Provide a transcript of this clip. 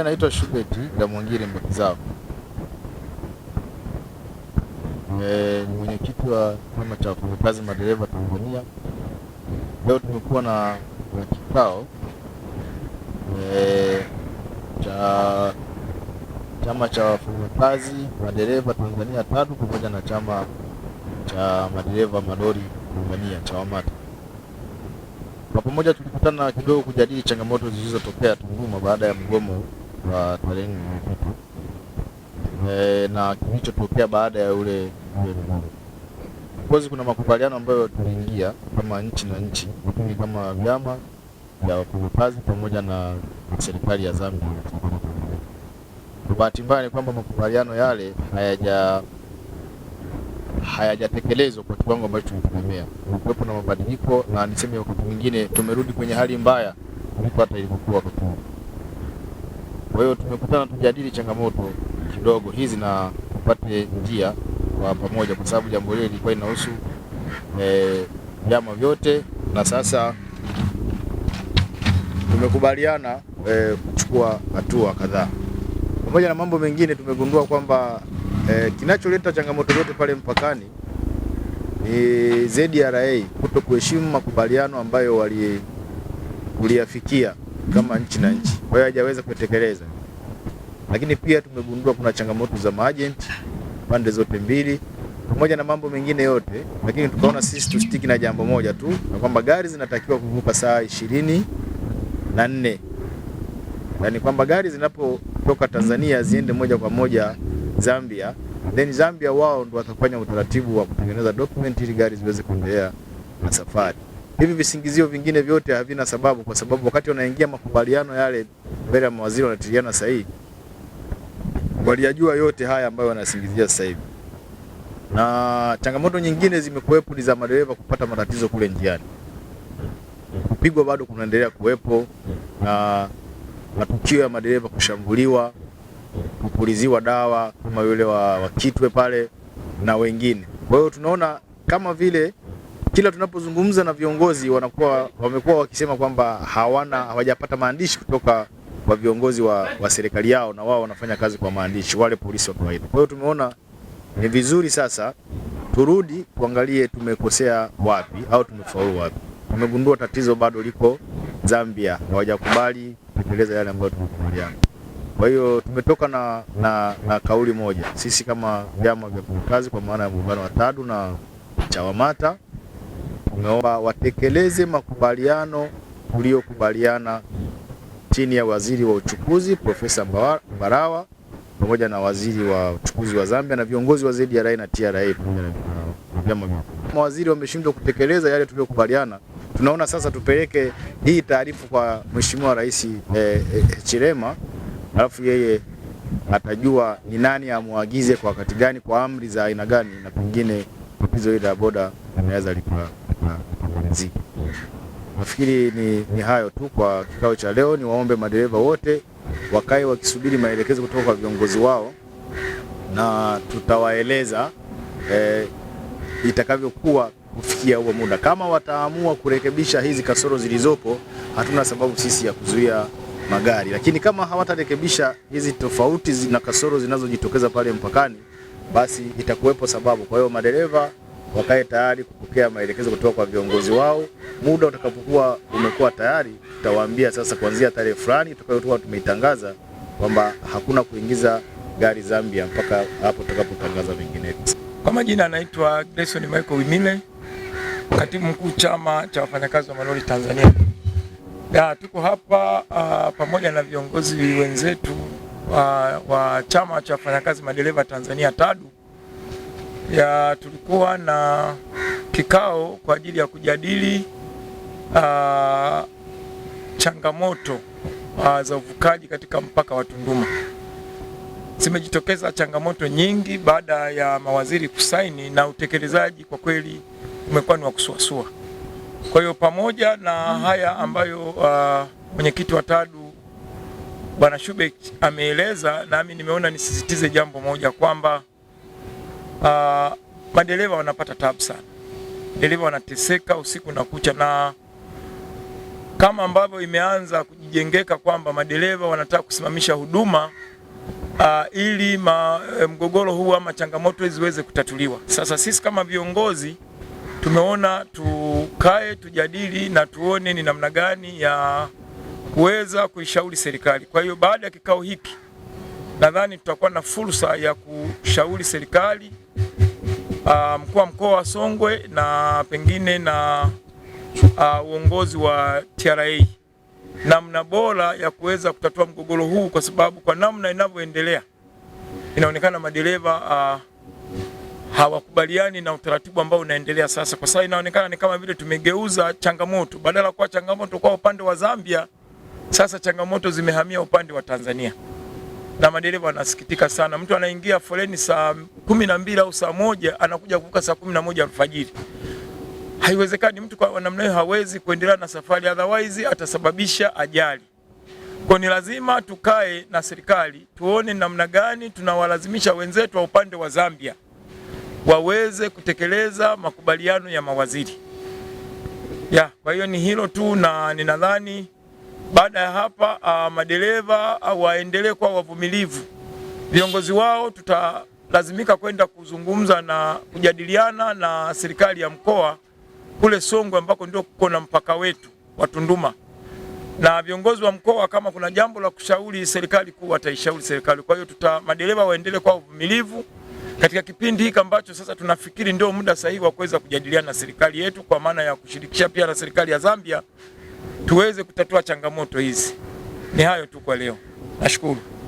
Anaitwa Shubeti hmm? Damwangire Mbekizao, hmm. eh, ni mwenyekiti wa chama cha wafanyakazi madereva Tanzania. Leo tumekuwa na kikao e, cha chama cha wafanyakazi madereva Tanzania tatu pamoja na chama cha madereva malori Tanzania CHAWAMATA. Kwa pamoja tulikutana kidogo kujadili changamoto zilizotokea Tunduma baada ya mgomo wa tarehe e, na kilichotokea baada ya ule kozi. Kuna makubaliano ambayo tuliingia kama nchi na nchi, lakini kama vyama vya wafanyakazi pamoja na serikali ya Zambia. Kwa bahati mbaya ni kwamba makubaliano yale hayaja hayajatekelezwa kwa kiwango ambacho tulitegemea. Kulikuwepo na mabadiliko, na niseme wakati mwingine tumerudi kwenye hali mbaya kuliko hata ilivyokuwa wakati kwa hiyo tumekutana tujadili changamoto kidogo hizi na tupate njia kwa pamoja, kwa sababu jambo hili lilikuwa linahusu eh, vyama e, vyote na sasa tumekubaliana e, kuchukua hatua kadhaa. Pamoja na mambo mengine, tumegundua kwamba e, kinacholeta changamoto zote pale mpakani ni ZRA kuto kuheshimu makubaliano ambayo waliafikia kama nchi na nchi, kwa hiyo hajaweza kutekeleza. Lakini pia tumegundua kuna changamoto za maajenti pande zote mbili, pamoja na mambo mengine yote, lakini tukaona sisi tustiki na jambo moja tu, na kwamba gari zinatakiwa kuvuka saa ishirini na nne yani kwamba gari zinapotoka Tanzania ziende moja kwa moja Zambia, then Zambia wao ndio watafanya utaratibu wa kutengeneza document ili gari ziweze kuendelea na safari. Hivi visingizio vingine vyote havina sababu, kwa sababu wakati wanaingia makubaliano yale mbele ya mawaziri wanatiliana sahihi, waliyajua yote haya ambayo wanasingizia sasa hivi. Na changamoto nyingine zimekuwepo ni za madereva kupata matatizo kule njiani, kupigwa bado kunaendelea kuwepo, na matukio ya madereva kushambuliwa, kupuliziwa dawa kama yule wa, wa Kitwe pale na wengine. Kwa hiyo tunaona kama vile kila tunapozungumza na viongozi wanakuwa wamekuwa wakisema kwamba hawana hawajapata maandishi kutoka kwa viongozi wa, wa serikali yao, na wao wanafanya kazi kwa maandishi, wale polisi wa kawaida. Kwa hiyo tumeona ni vizuri sasa turudi tuangalie tumekosea wapi au tumefaulu wapi. Tumegundua tatizo bado liko Zambia, hawajakubali kutekeleza yale ambayo tumekubaliana. Kwa hiyo tumetoka na, na, na kauli moja sisi kama vyama vya kazi kwa maana ya muungano wa TADU na CHAWAMATA tumeomba watekeleze makubaliano uliokubaliana chini ya waziri wa uchukuzi Profesa Mbarawa pamoja na waziri wa uchukuzi wa Zambia na viongozi wa ZRA na TRA pamoja na vyama wameshindwa kutekeleza yale tuliyokubaliana. Tunaona sasa tupeleke hii taarifa kwa Mheshimiwa Rais eh, eh, Chilema alafu yeye atajua ni nani amwagize kwa wakati gani, kwa amri za aina gani, na pengine tatizo hili la boda anaweza lika Nafikiri ni, ni hayo tu kwa kikao cha leo. Ni waombe madereva wote wakae wakisubiri maelekezo kutoka kwa viongozi wao na tutawaeleza eh, itakavyokuwa kufikia huo muda. Kama wataamua kurekebisha hizi kasoro zilizopo, hatuna sababu sisi ya kuzuia magari, lakini kama hawatarekebisha hizi tofauti na kasoro zinazojitokeza pale mpakani, basi itakuwepo sababu. Kwa hiyo madereva wakae tayari kupokea maelekezo kutoka kwa viongozi wao. Muda utakapokuwa umekuwa tayari, tutawaambia sasa, kuanzia tarehe fulani tutakayotoa tumeitangaza kwamba hakuna kuingiza gari Zambia mpaka hapo tutakapotangaza vinginevyo. Kwa majina anaitwa Gerson Michael Wimile, katibu mkuu chama cha wafanyakazi wa malori Tanzania. Ya, tuko hapa uh, pamoja na viongozi wenzetu uh, wa chama cha wafanyakazi madereva Tanzania TADU ya tulikuwa na kikao kwa ajili ya kujadili uh, changamoto uh, za uvukaji katika mpaka wa Tunduma. Zimejitokeza changamoto nyingi baada ya mawaziri kusaini na utekelezaji kwa kweli umekuwa ni wa kusuasua. Kwa hiyo pamoja na haya ambayo uh, mwenyekiti wa TADU Bwana Shubek ameeleza, nami nimeona nisisitize jambo moja kwamba uh, madereva wanapata tabu sana, dereva wanateseka usiku na kucha, na kama ambavyo imeanza kujijengeka kwamba madereva wanataka kusimamisha huduma uh, ili ma, eh, mgogoro huu ama changamoto hizi ziweze kutatuliwa. Sasa sisi kama viongozi tumeona tukae tujadili na tuone ni namna gani ya kuweza kuishauri serikali. Kwa hiyo baada ya kikao hiki nadhani tutakuwa na fursa ya kushauri serikali uh, mkuu wa mkoa wa Songwe na pengine na uh, uongozi wa TRA namna bora ya kuweza kutatua mgogoro huu, kwa sababu kwa namna inavyoendelea inaonekana madereva uh, hawakubaliani na utaratibu ambao unaendelea sasa. Kwa sababu inaonekana ni kama vile tumegeuza changamoto, badala ya kuwa changamoto kwa upande wa Zambia, sasa changamoto zimehamia upande wa Tanzania na madereva wanasikitika sana. Mtu anaingia foleni saa kumi na mbili au saa moja anakuja kuvuka saa kumi na moja alfajiri. Haiwezekani, mtu kwa namna hiyo hawezi kuendelea na safari, otherwise atasababisha ajali. Kwa ni lazima tukae na serikali tuone namna gani tunawalazimisha wenzetu wa upande wa Zambia waweze kutekeleza makubaliano ya mawaziri ya. Kwa hiyo ni hilo tu, na ninadhani baada ya hapa uh, madereva uh, waendelee kuwa wavumilivu, viongozi wao tutalazimika kwenda kuzungumza na kujadiliana na serikali ya mkoa kule Songwe ambako ndio kuko na mpaka wetu wa Tunduma, na viongozi wa mkoa kama kuna jambo la kushauri serikali kuu wataishauri serikali. Kwa hiyo tuta madereva waendelee kwa wavumilivu katika kipindi hiki ambacho sasa tunafikiri ndio muda sahihi wa kuweza kujadiliana na serikali yetu, kwa maana ya kushirikisha pia na serikali ya Zambia tuweze kutatua changamoto hizi. Ni hayo tu kwa leo, nashukuru.